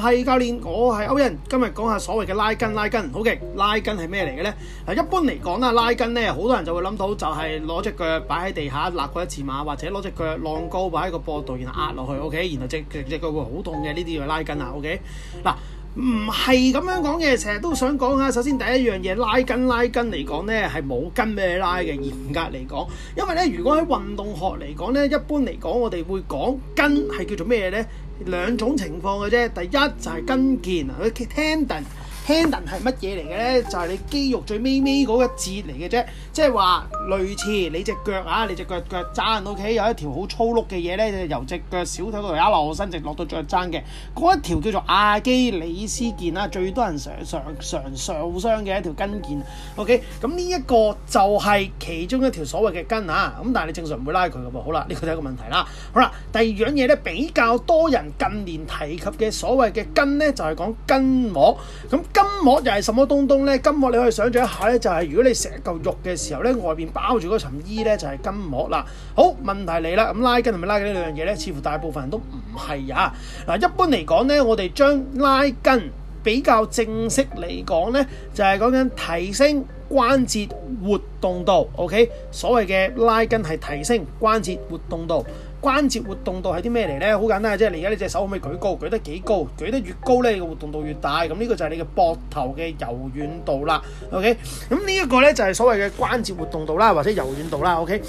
係教練，我係歐人。今日講下所謂嘅拉筋，拉筋。好嘅，拉筋係咩嚟嘅呢？嗱，一般嚟講啦，拉筋呢，好多人就會諗到就係攞隻腳擺喺地下，勒過一次馬，或者攞隻腳晾高擺喺個波度，然後壓落去，OK，然後隻隻腳會好痛嘅，呢啲就拉筋啦，OK，嗱。唔係咁樣講嘅，成日都想講啊！首先第一樣嘢拉筋，拉筋嚟講呢，係冇筋咩拉嘅，嚴格嚟講。因為呢，如果喺運動學嚟講呢，一般嚟講，我哋會講筋係叫做咩呢？兩種情況嘅啫。第一就係筋腱啊，佢叫 tendon。Tendon 係乜嘢嚟嘅咧？就係、是、你肌肉最尾尾嗰一節嚟嘅啫，即係話類似你隻腳啊，你隻腳腳踭 O K，有一條好粗碌嘅嘢咧，由隻腳小腿度一路伸直落到腳踭嘅，嗰一條叫做阿基里斯腱啊。最多人常常常受傷嘅一條筋腱。O K，咁呢一個就係其中一條所謂嘅筋啊。咁但係你正常唔會拉佢嘅噃。好啦，呢、這個就係一個問題啦。好啦，第二樣嘢咧，比較多人近年提及嘅所謂嘅筋咧，就係、是、講筋膜咁。筋膜又係什麼東東呢？筋膜你可以想象一下呢，就係、是、如果你食一嚿肉嘅時候呢，外面包住嗰層衣呢，就係筋膜啦。好，問題嚟啦，咁拉筋係咪拉緊呢兩樣嘢呢，似乎大部分人都唔係啊。嗱，一般嚟講呢，我哋將拉筋比較正式嚟講呢，就係講緊提升。關節活動度，OK，所謂嘅拉筋係提升關節活動度。關節活動度係啲咩嚟呢？好簡單，即係你而家你隻手可唔可以舉高？舉得幾高？舉得越高呢，個活動度越大。咁呢個就係你嘅膊頭嘅柔軟度啦，OK。咁呢一個呢，就係所謂嘅關節活動度啦，或者柔軟度啦，OK。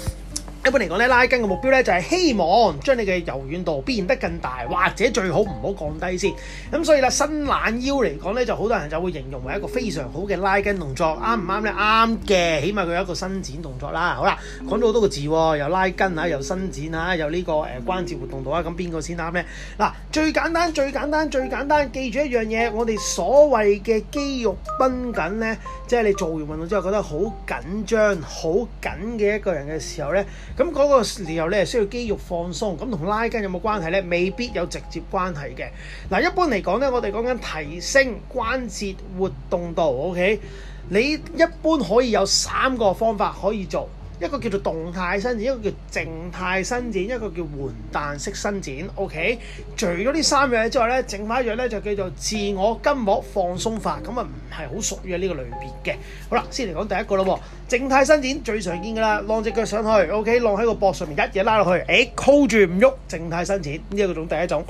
一般嚟講咧，拉筋嘅目標咧就係希望將你嘅柔軟度變得更大，或者最好唔好降低先。咁所以咧，伸懶腰嚟講咧，就好多人就會形容為一個非常好嘅拉筋動作，啱唔啱咧？啱嘅，起碼佢有一個伸展動作啦。好啦，講咗好多個字喎，又拉筋啊，又伸展啊，又呢個誒關節活動度啊，咁邊個先啱咧？嗱，最簡單、最簡單、最簡單，記住一樣嘢，我哋所謂嘅肌肉繃緊咧，即係你做完運動之後覺得好緊張、好緊嘅一個人嘅時候咧。咁嗰個時候咧，需要肌肉放鬆，咁同拉筋有冇關係咧？未必有直接關係嘅。嗱，一般嚟講咧，我哋講緊提升關節活動度，OK？你一般可以有三個方法可以做。一個叫做動態伸展，一個叫靜態伸展，一個叫緩彈式伸展，OK。除咗呢三樣嘢之外咧，剩翻一樣咧就叫做自我筋膜放鬆法，咁啊唔係好屬於呢個類別嘅。好啦，先嚟講第一個咯，靜態伸展最常見㗎啦，晾隻腳上去，OK，晾喺個膊上面一嘢拉落去，誒，hold 住唔喐，靜態伸展呢一、呢個種第一種，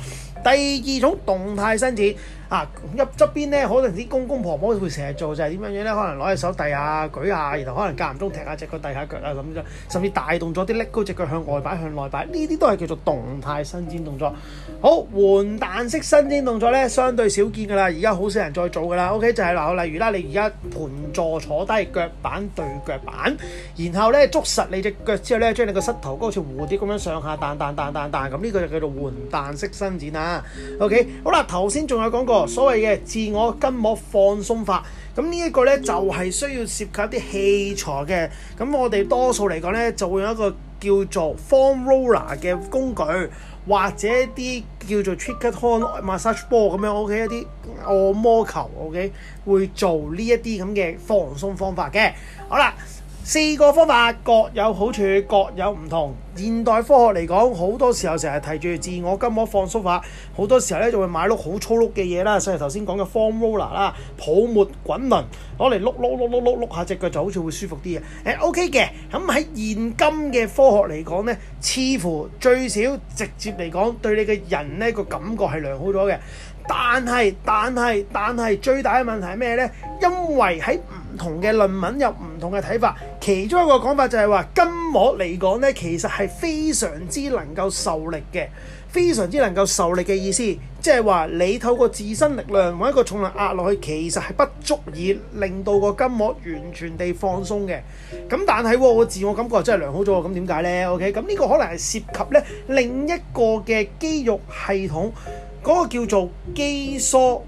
第二種動態伸展。啊入側邊咧，可能啲公公婆婆，婆會成日做就係點樣樣咧，可能攞隻手遞下、舉下，然後可能間唔中踢下隻腳下、遞下腳啊咁啫。甚至帶動咗啲拎高隻腳向外擺、向內擺，呢啲都係叫做動態伸展動作。好，緩彈式伸展動作咧，相對少見㗎啦，而家好少人再做㗎啦。OK，就係、是、嗱，例如啦，你而家盤坐坐低，腳板對腳板，然後咧捉實你隻腳之後咧，將你個膝頭哥好似蝴蝶咁樣上下彈彈彈彈彈，咁呢、這個就叫做緩彈式伸展啊。OK，好啦，頭先仲有講過。所謂嘅自我筋膜放鬆法，咁呢一個咧就係、是、需要涉及一啲器材嘅，咁我哋多數嚟講咧就會用一個叫做 Foam Roller 嘅工具，或者一啲叫做 Trigger Point Massage Ball 咁樣 OK 一啲按摩球 OK 會做呢一啲咁嘅放鬆方法嘅，好啦。四個方法各有好處，X Joh an 各有唔同。現代科學嚟講，好多時候成日提住自我筋膜放鬆法，好多時候咧就會買碌好粗碌嘅嘢啦，例如頭先講嘅 foam roller 啦，泡沫滾輪攞嚟碌碌碌碌碌碌下隻腳就好似會舒服啲嘅。誒 OK 嘅，咁喺、哦嗯嗯、現今嘅科學嚟講咧，似乎最少直接嚟講對你嘅人咧個感覺係良好咗嘅。但係但係但係最大嘅問題係咩咧？因為喺唔同嘅論文有唔同嘅睇法，其中一個講法就係話筋膜嚟講呢，其實係非常之能夠受力嘅，非常之能夠受力嘅意思，即係話你透過自身力量揾一個重量壓落去，其實係不足以令到個筋膜完全地放鬆嘅。咁但係我自我感覺真係良好咗，咁點解呢？OK，咁呢個可能係涉及呢另一個嘅肌肉系統，嗰個叫做肌梭。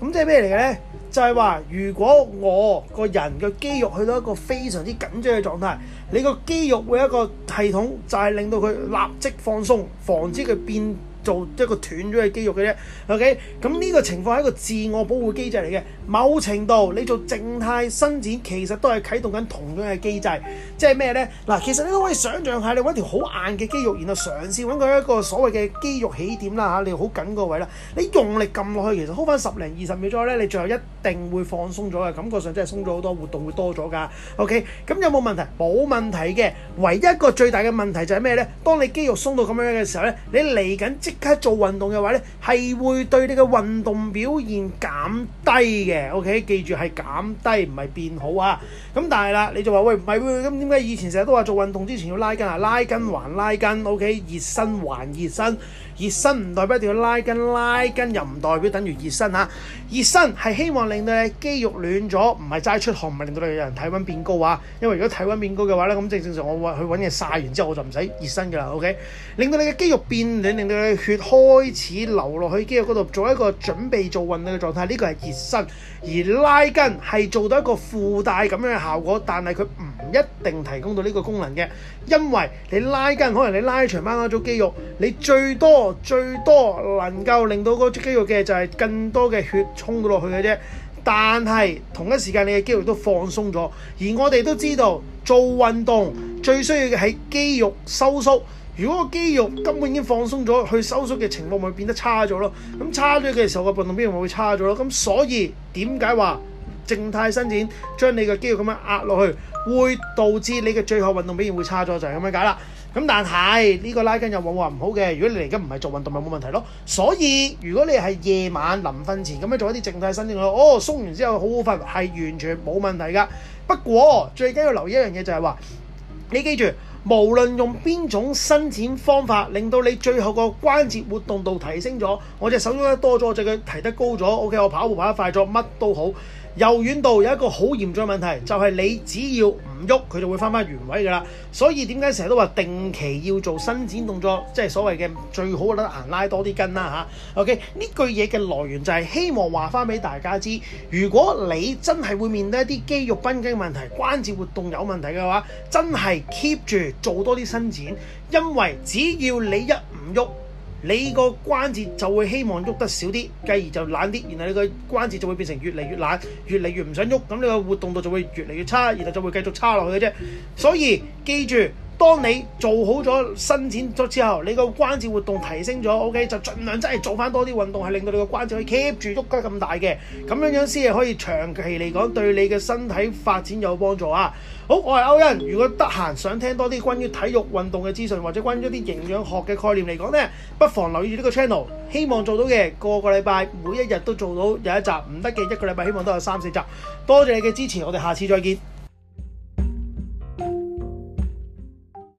咁即係咩嚟嘅呢？就係話，如果我個人嘅肌肉去到一個非常之緊張嘅狀態，你個肌肉會有一個系統就係令到佢立即放鬆，防止佢變做一個斷咗嘅肌肉嘅啫。OK，咁呢個情況係一個自我保護機制嚟嘅。某程度你做靜態伸展其實都係啟動緊同樣嘅機制，即係咩呢？嗱，其實你都可以想像下，你揾條好硬嘅肌肉，然後嘗試揾佢一個所謂嘅肌肉起點啦嚇，你好緊個緊位啦，你用力撳落去，其實 hold 翻十零二十秒左右呢，你最後一定會放鬆咗嘅，感覺上真係鬆咗好多，活動會多咗噶。OK，咁有冇問題？冇問題嘅，唯一一個最大嘅問題就係咩呢？當你肌肉鬆到咁樣嘅時候呢，你嚟緊即刻做運動嘅話呢，係會對你嘅運動表現減低嘅。OK，記住係減低，唔係變好啊！咁但係啦，你就話喂，唔係喎，咁點解以前成日都話做運動之前要拉筋啊？拉筋還拉筋，OK，熱身還熱身。熱身唔代表一定要拉筋，拉筋又唔代表等於熱身啊！熱身係希望令到你肌肉暖咗，唔係齋出汗，唔係令到你有人體溫變高啊！因為如果體溫變高嘅話咧，咁正正常我話去揾嘢晒完之後我就唔使熱身噶啦，O K。令到你嘅肌肉變暖，令到你嘅血開始流落去肌肉嗰度，做一個準備做運動嘅狀態，呢個係熱身。而拉筋係做到一個附帶咁樣嘅效果，但係佢唔一定提供到呢個功能嘅，因為你拉筋可能你拉長翻嗰組肌肉，你最多最多能夠令到嗰肌肉嘅就係更多嘅血衝到落去嘅啫，但係同一時間你嘅肌肉都放鬆咗，而我哋都知道做運動最需要嘅係肌肉收縮。如果肌肉根本已經放鬆咗，去收縮嘅情況咪變得差咗咯。咁差咗嘅時候，個運動表現咪會差咗咯。咁所以點解話靜態伸展將你嘅肌肉咁樣壓落去，會導致你嘅最後運動表現會差咗，就係咁樣解啦。咁但係呢個拉筋又冇話唔好嘅，如果你嚟緊唔係做運動咪冇問題咯。所以如果你係夜晚臨瞓前咁樣做一啲靜態伸展，哦，鬆完之後好好瞓，係完全冇問題㗎。不過最緊要留意一樣嘢就係話，你記住。無論用邊種伸展方法，令到你最後個關節活動度提升咗，我隻手郁得多咗，我隻腳提得高咗，OK，我跑步跑得快咗，乜都好。柔軟度有一個好嚴重嘅問題，就係、是、你只要唔喐，佢就會翻翻原位噶啦。所以點解成日都話定期要做伸展動作，即係所謂嘅最好得閒拉多啲筋啦嚇。OK，呢句嘢嘅來源就係希望話翻俾大家知，如果你真係會面對一啲肌肉繃緊嘅問題、關節活動有問題嘅話，真係 keep 住做多啲伸展，因為只要你一唔喐。你個關節就會希望喐得少啲，繼而就懶啲，然後你個關節就會變成越嚟越懶，越嚟越唔想喐，咁你個活動度就會越嚟越差，然後就會繼續差落去嘅啫。所以，記住。當你做好咗伸展咗之後，你個關節活動提升咗，OK，就盡量真係做翻多啲運動，係令到你個關節可以 keep 住喐得咁大嘅，咁樣樣先係可以長期嚟講對你嘅身體發展有幫助啊！好，我係歐恩，如果得閒想聽多啲關於體育運動嘅資訊，或者關於一啲營養學嘅概念嚟講呢，不妨留意呢個 channel。希望做到嘅，個個禮拜每一日都做到有一集，唔得嘅一個禮拜希望都有三四集。多謝你嘅支持，我哋下次再見。